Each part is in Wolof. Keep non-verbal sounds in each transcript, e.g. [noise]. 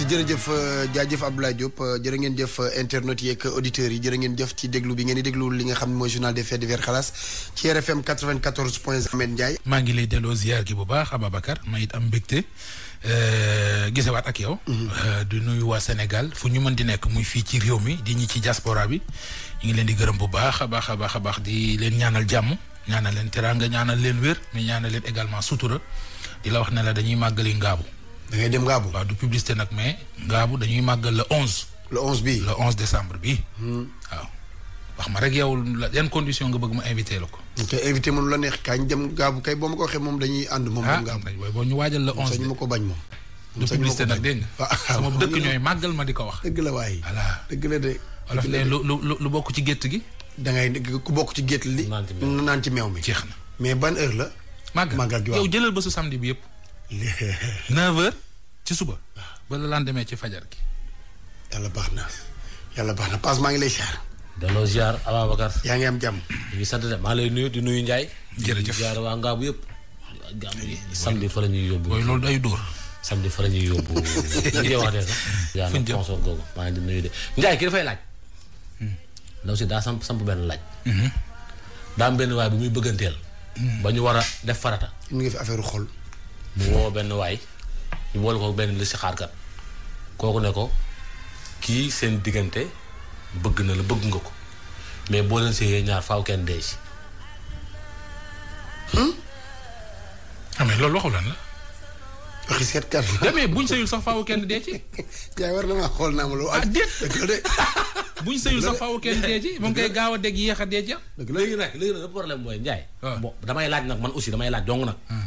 ci jërëjëf euh, jaajëf Abdoulaye Diop euh, jërë ngeen jëf euh, internet yeeg auditeurs yi jërë ngeen jëf ci déglu bi ngeen di déglu li nga xam ne mooy journal des faits divers xalaas ci RFM 94 point Ahmed maa ngi lay delloo ziar gi bu baax Ababacar ma it am mbégte gisewaat ak yow. Mhm. di nuyu waa Sénégal fu ñu mën di nekk muy fii ci réew mi di ñi ci jaspora bi ñu ngi leen di gërëm bu baax a baax a baax a baax di leen ñaanal jàmm ñaanal leen nga ñaanal leen wér mais ñaanal leen également sutura di la wax ne la dañuy màggali ngaabu. dangay ngay dem Ngaabu. waaw du publicité nag mais. Ngaabu dañuy màggal le onze. le onze bi le onze décembre bi. Hmm. waaw wax ma rek yow yan condition nga bëgg ma invité la ko. ok invité moom la neex kañ dem Ngaabu kay boo ma ko moom dañuy ànd. moom moom Ngaabu ah boo ñu waajal le onze. sañ ma ko bañ moom. du publicité nag dégg nga. Ah, ah, sama dëkk ñooy màggal ma di ko wax. dëgg la waay dëgg la de. olof ne lu lu lu bokk ci gétt gi. da ngay ku bokk ci gétt li. naan ci meew mi jeex na. mais ban heure la. màgg gi waaw yow jëlal ba su samedi bi yëpp [laughs] neuf heures ci suba ba la lan ci fajar gi yàlla baax na yàlla baax na paas maa ngi lay siyaar daloo ziar Ababacar yaa ngi am jari ñu ngi sant de maa lay nuyu di nuyu Ndiaye jërëjëf ziar waa ngaabu yëpp gàmm gi samedi fa la ñuy yóbbu mooy loolu day dóor samedi fa la ñuy ñu ngi wax de sax yaa ngi sponsor googu maa ngi nuyu de Ndiaye ki dafay laaj hmm. ndaw si daa samp samp ben laaj hmm. daa am benn waay bu muy bëgganteel hmm. ba ñu def farata mu ngi fi affaire xol mu woo benn waay ñu boole ko benn listixaarkat kooku ne ko kii seen diggante bëgg na la bëgg nga ko mais boo leen ñaar faw kenn dee ci. Hmm? ah mais loolu waxu lan la. waxi seetkat la mais buñ sëyul sax faw kenn dee ci. yaa [laughs] war na maa xool naa ma lu. Ah, [laughs] [laughs] sax faaw kenn dee koy gaaw a dégg yéex a dee ci. léegi nag léegi mooy Ndiaye. Ah. bon damay laaj nag man aussi damay laaj dong nag. Hmm.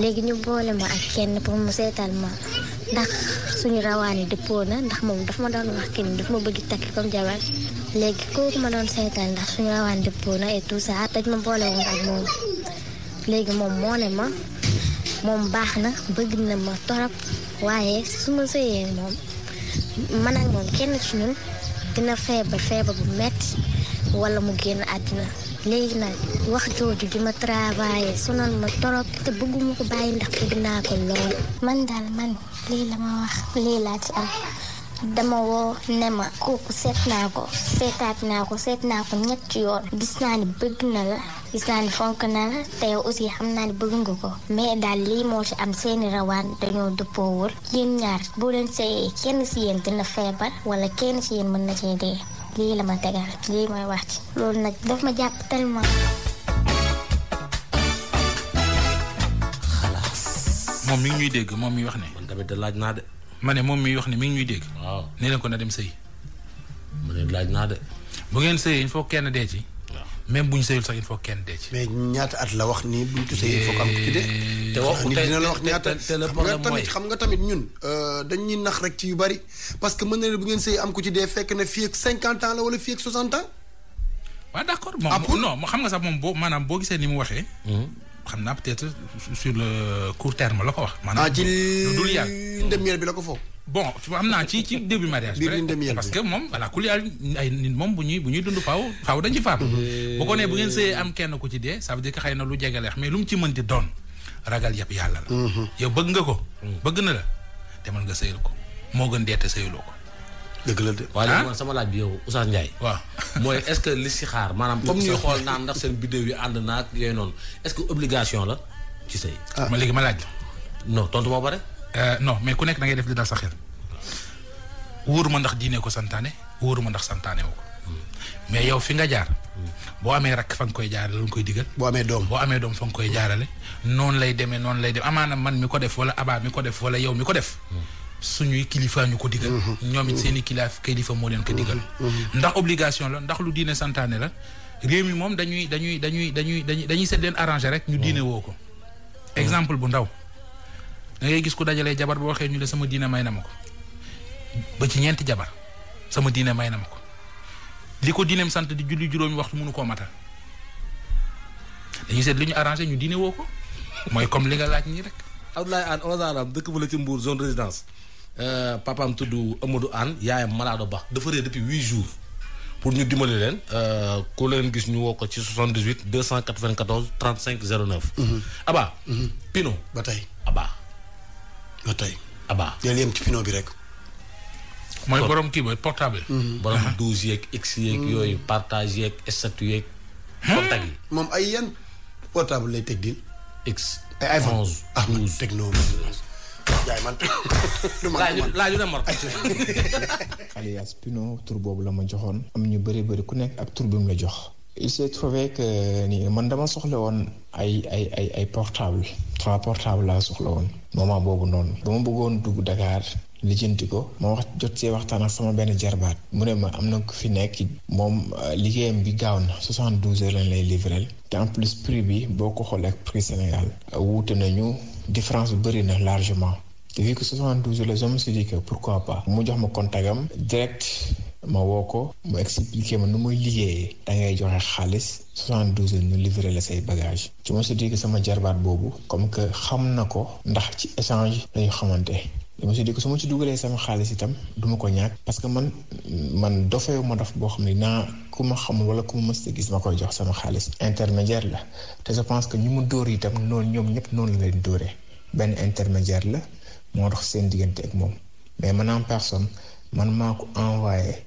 léegi ñu boole ma ak kenn pour mu seetal ma ndax suñu rawaan dëppoo na ndax moom daf ma doon wax kenn daf ma bëgg takk comme jabar léegi kooku ma doon seetal ndax suñu rawaani dëppoo na et tout saa dañ ma boole woon ak moom léegi moom moo ma moom baax na bëgg na ma torop waaye su ma sëyee moom man ak moom kenn ci ñun dina feebar feebar bu metti wala mu génn àddina léegi nag wax jooju di ma travailler sonal ma torop te bëgguma ko bàyyi ndax bëgg naa ko lool. man daal man lii la ma wax lii laa ci am dama woo ne ma kooku seet naa ko seetaat naa ko seet naa ko ñetti yoon gis naa ni bëgg na la. gis naa ni fonk na la te aussi xam naa ni bëgg nga ko mais daal lii moo ci am seeni rawaan dañoo dëppoo wër yéen ñaar boo leen seeyee kenn si yéen dina feebar wala kenn si yéen mën na cee dee. lii la ma tegal lii mooy wax ci loolu nag daf ma jàpp tellement. xalaas. moom mi ngi ñuy dégg moom mi wax ne. man tamit da laaj naa de. ma ne moom miy wax ne mi ngi ñuy dégg. waaw nee na ko na dem sëy. mu ne laaj naa de. bu ngeen sëyee foo kenn dee ci. même bu ñu sëyul sax il faut kenn dee ci. mais ñaata at la wax nii bu ñu ko sëyee il faut am ku ci dee. Eh, te waxu te dina la wax ñaata xam nga tamit xam nga tamit ñun. Euh, dañ ñuy nax rek ci yu bari parce que mën na ne bu ngeen sëyee am ku ci dee fekk na fii ak 50 ans la wala fii ak 60 ans. waaw d' accord moom ah, non xam nga sax moom boo maanaam boo gisee ni mu waxee. Mm-hmm. xam naa peut-être sur le court terme la ko wax. Ah, maanaam du dul yàgg ci ndem bi la ko foofu. bon am naa ci ci début mariage parce que moom voilà ku yaal ay nit moom bu ñuy bu ñuy dund faaw faaw dañ ci faatu eh. bu ko nee bu ngeen sëyee am kenn ku ci dee sa veut dire que na lu jegeleex mais lu mu ci mën di doon ragal yëpp yàlla la mm-hmm. yow bëgg nga ko mm. bëgg na la te man nga sëyal ko moo gën dee deete sëyaloo ko dëgg la de waaye ah? sama laaj bi yow Oustaz Ndiaye waaw [laughs] mooy est-ce que xaar maanaam comme ñuy xool naan ndax seen bidéew yi ànd naa yooyu noonu est-ce que obligation la ci sëy ah. ma léegi ma laaj non tontu Euh, non mais ku nekk da ngay def di dal sa xel wóoruma ndax diine ko santaane wóoruma ndax santaane woo ko mais yow fi nga jaar boo amee rakk fa nga koy jaarale lu nga koy digal. boo amee doom boo amee doom fa nga koy jaarale. noonu lay demee noonu lay demee amaana man mi ko def wala abaa mi ko def wala yow mi ko def. suñuy kilifa ñu ko digal. Mm-hmm. ñoom it seen i kilifa kilifa moo leen ko digal. Mm-hmm. Mm-hmm. ndax obligation la ndax lu diine santaane la réew mi moom dañuy dañuy dañuy dañuy dañuy dañuy seet leen arrangé rek ñu diine woo ko exemple bu ndaw. da ngay gis ku dajalee jabar boo waxee ñu ne sama diine may na ma ko ba ci ñeenti jabar sama diine may na ma ko li ko diineem sant di julli juróomi waxtu mënu koo matal dañuy seet li ñu arrangé ñu diine woo ko mooy comme li nga laaj nii rek. Abdoulaye Anne onze ans am dëkk bu la ci Mbour zone résidence euh, papaam tudd Amadou Anne yaayam malaado ba dafa réer depuis huit jours pour ñu dimbali leen euh, ku leen gis ñu woo ko ci 78 294 35 09. Abba. Mhm. Pino ba tey Abba. ba tey. abaa deel yem ci pino bi rek. mooy borom kii mooy portable. Mhm. borom douze yeeg x yeeg mhm. yooyu partage yeeg statut yeeg. contact yi moom ay yan portable lay teg di. x ay iPhone onze ah douze techno jaay man laaju laaju na mor [laughs] alias pino tur boobu la ma joxoon am ñu bëri bëri ku nekk ak tur bi mu la jox il s'est trouvé que ni man dama soxla ay ay ay portable trois portable sur soxla moment non bëggoon dugg Dakar wax jot sama ma fi en plus prix bi boo prix Sénégal euh, nañu différence largement vu que 72 heures je suis dit que pourquoi pas mu jox ma direct ma woo ko mu expliqué ma nu muy liggéeyee da ngay joxe xaalis 72 heures ñu livré la say bagage su ma si sama jarbaat boobu comme que xam na ko ndax ci échange dañu xamante la ma si di ko su ma ci dugalee sama xaalis itam du ko ñàkk parce que man man dofeewu ma dof boo xam ne naa ku ma xamul wala ku ma gis ma koy jox sama xaalis intermédiaire la te je pense que ñi mu dóor itam ñoom ñëpp noonu la leen dóoree benn intermédiaire la moo dox seen diggante ak moom mais man en personne man maa ko envoyé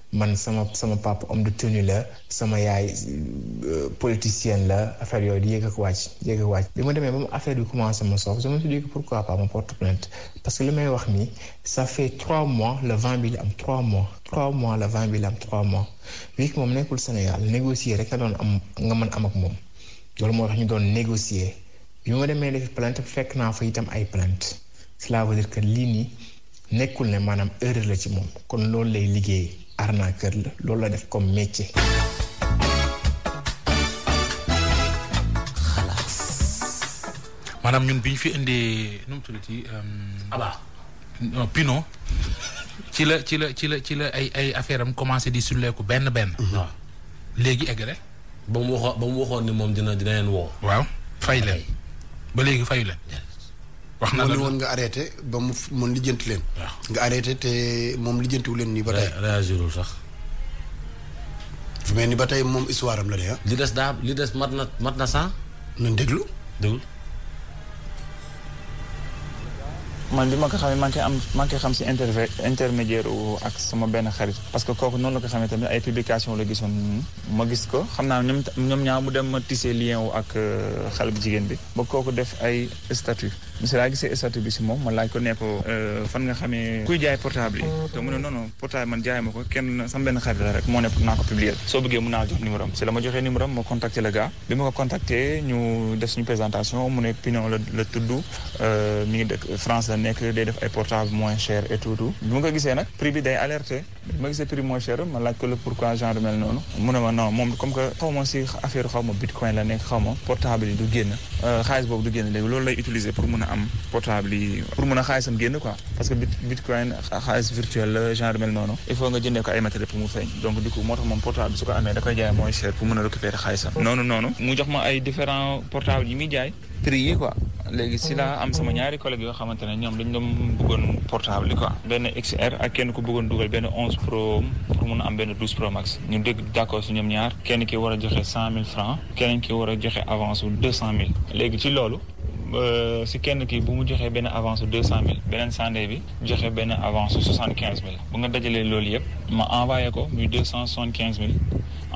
man sama sama papa homme de tenue la sama yaay euh, politicienne la affaire yoy di yéeg ak wàcc yéeg ak wàcc bima ma demee ba mu affaire bi commencé ma sof sama me dit que pourquoi pas ma porte plainte parce que li may wax nii ça fait trois mois le vent bi am trois mois trois mois le vent bi am trois mois wii moom nekkul Sénégal négocier rek nga doon am nga man am ak moom loolu moo tax ñu doon négocier bi ma demee def plainte fekk naa fa itam ay plainte cela veut dire que lii nii nekkul ne maanaam erreur la ci moom kon loolu lay liggéey arnaqueur la loolu la def comme métier. xalaas. maanaam ñun bi ñu fi indee nu mu tuddati. Euh, Pino. ci la ci la ci la ci la ay ay affaire am commencé di sulleeku benn benn. Mhm. waaw léegi eggale. ba mu waxoon ba mu waxoon ni moom dina dina leen woo. waaw fay leen ba léegi fayu leen. wax na la woon nga arrêté ba mu mën lijjanti leen. nga arrêté te moom lijjantiwu leen nii ba tey. réagirul sax. fu mel ni ba tey moom histoire am la de ah. li des daa li des mat na mat na sax. nañ déglu déglu. man bi ma ko xamee man koy am man koy xam si interve intermédiaire ak sama benn xarit parce que kooku noonu la ko xamee tamit ay publication la gisoon ma gis ko xam naa ñoom ñoom ñaar mu dem ma tissé lien wu ak euh, xale bu jigéen bi ba kooku def ay statut bis laa gisee statut bi si moom ma laaj ko ne ko euh, fan nga xamee kuy jaay portable yi te mu ne non non portable man jaay ma ko kenn sama benn xarit la rek moo ne naa ko publier soo bëggee mën naa jox numéro am si la ma joxee numéro am ma contacté le gars bi ma ko contacté ñu def suñu présentation mu ne Pignon la la tudd euh, mi ngi dëkk France la nekk day def ay portable moins cher et tout tout bi ma ko gisee nag prix bi day alerté bi ma gisee prix moins cher ma laaj ko le pourquoi genre mel noonu mu ne ma non moom comme que xaw ma si affaire xaw ma bitcoin la nekk xaw ma portable yi du génn euh, xaalis boobu du génn léegi loolu lay utiliser pour mun a am portable yi pour mën a xaalisam génn quoi parce que bitcoin xaalis virtuel la genre mel noonu il faut nga jëndee ko ay matériel pour mu feeñ donc du coup moo moom koy a récupérer xaalisam noonu noonu mu jox ma ay différents portable yi muy jaay prix yi quoi léegi si laa am sama ñaari collègue yoo xamante ne ñoom dañ doon bëggoon portable yi quoi benn XR ak kenn ku bëggoon dugal benn 11 pro pour mun am benn 12 pro max ñu dégg d'accord si ñoom ñaar kenn ki war a joxe 100000 francs keneen ki war a joxe avance bu 200000 léegi ci loolu Euh, si quelqu'un qui m'a envoyé avance 200 000. il a avancé avance 75 000. je l'ai envoyé, il envoie 275 000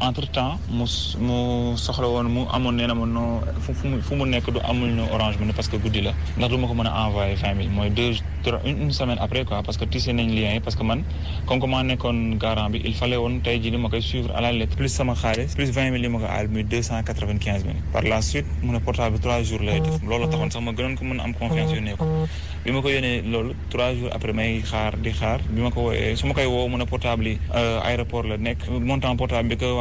entre temps mu mu soxla woon mu amoon nee na ma non fu mu fu mu nekk du amul ñu orange mu parce que guddi la ndax du ma ko mën a envoyé vingt mille mooy deux une semaine après quoi parce que tissé nañ lien yi parce que man comme que maa nekkoon garant bi il fallait woon tey jii ni ma koy suivre à la lettre plus sama xaalis plus vingt mille yi ma ko aal muy deux cent quatre vingt quinze mille par la suite mu ne portable bi trois jours lay def loolu taxoon sax ma gënoon ko mën a am confiance yu ko bi ma ko yónnee loolu trois jours après may xaar di xaar bi ma ko wooyee su ma koy woo mu ne portable yi euh, aéroport la nekk montant portable bi ko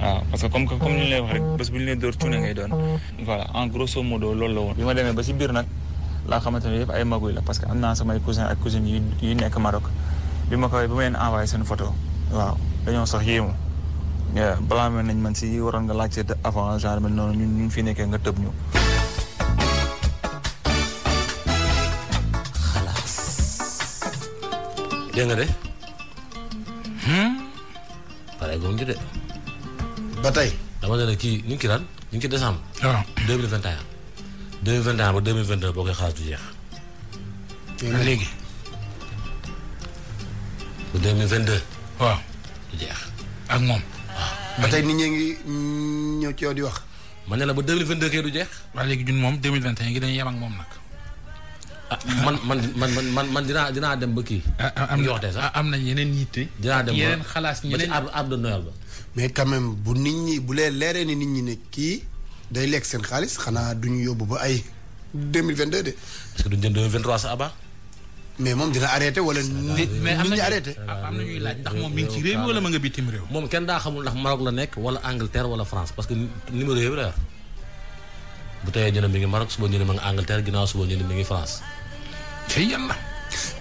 ah, parce que comme que comme ni lay wax rek bés bu ñu lay door cuune ngay doon voilà en grosso modo loolu la woon bi ma demee ba si biir nag laa xamante ne ay maguy la parce que am naa cousin ak cousine yu yu nekk Maroc bi ma koy bi ma leen envoyé seen photo waaw dañoo sax yéemu balaa mel nañ man nga avant genre mel ñun ñu fi nga ñu ba tey. dama ne la kii ñu ngi ci lan ñu ngi ci décembre. waaw ah. deux mille vingt ba deux boo koy xaas du jeex. ba léegi. ba deux waaw du jeex. ak moom. waaw ah. ba tey nit ñi ngi ñëw ci yow di wax. ma ne la ba deux mille du jeex. waaw léegi ñun moom deux mille vingt et un gi dañuy yem moom nag. man man man man man dinaa dinaa dem ba kii. Ah, ah, ah, am na sax am nañ yeneen yitte. dinaa dem ba yeneen xalaas ñeneen ba ci arbre de Noël ba. mais quand bu nit ñi bu lee leeree ni nit ñi ne kii day lekk seen xaalis xanaa duñu yóbbu ba ay deux mille vingt deux de. parce que duñ jël deux mille vingt trois sa abaa. mais moom dina arrêté wala. nit ñi am na ñuy laaj ndax moom mi ngi ci réew mi ma nga bitim réew. moom kenn daa xamul ndax Maroc la nekk wala Angleterre wala France parce que numéro yëpp bu teyee ñu ne mi ngi Maroc suba ñu ne mi ngi Angleterre ginnaaw suba ñu ne mi ngi France.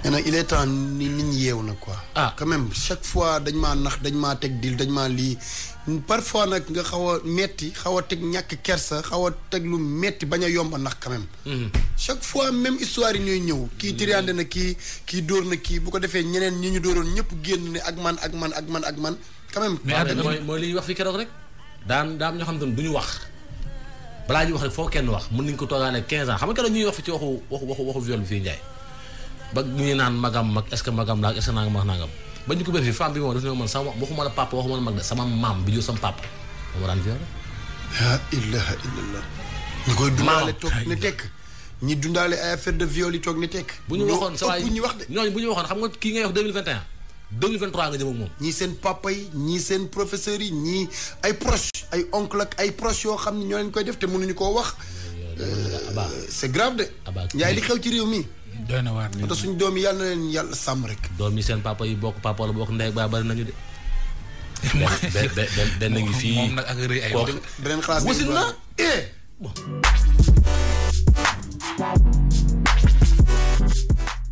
nit ñi yeew na quoi. ah quand même chaque fois dañ maa nax dañ maa teg dil dañ ma lii parfois nag nga xaw a metti xaw a teg ñàkk kers xaw a teg lu metti bañ a yomb a nax quand hmm. chaque fois même histoire yi ñuy ñëw. kii tiriande na kii kii dóor na kii bu ko defee ñeneen ñi ñu dóoroon ñëpp génn ni ak man ak man ak man ak man quand même. mais mooy mooy wax fi keroog rek daan daan ñoo xam ne du ñu wax. balaa ñuy wax rek foo kenn wax mën nañu ko toogaane 15 ans xam nga ñuy wax fi ci waxu waxu waxu waxu bi fii Ndiaye ba ñuy naan magam mag est-ce que magam laag est-ce que nangam ak ba ñu ko bëri fii femme koy dundaale toog ne tekk ñi dundaale ay affaire de viol yi toog ne tekk. bu ñu waxoon saa yi ñooñu bu ñu waxoon xam nga kii ngay wax 2021. 2023 nga jëm ak moom. ñii seen papa yi ñii seen professeurs yi ñii ay proche ay oncle ak ay proche yoo xam ne ñoo leen koy def te mun mënuñu koo wax. c'est grave de. yaay li xew ci réew mi. doy na waar te suñu doom yàlla na leen yàlla sàmm rek. doom yi seen papa yi bokk papa la bokk ndey ba bari nañu de. benn benn ngi fii moom nag ak rëy ay beneen xalaas na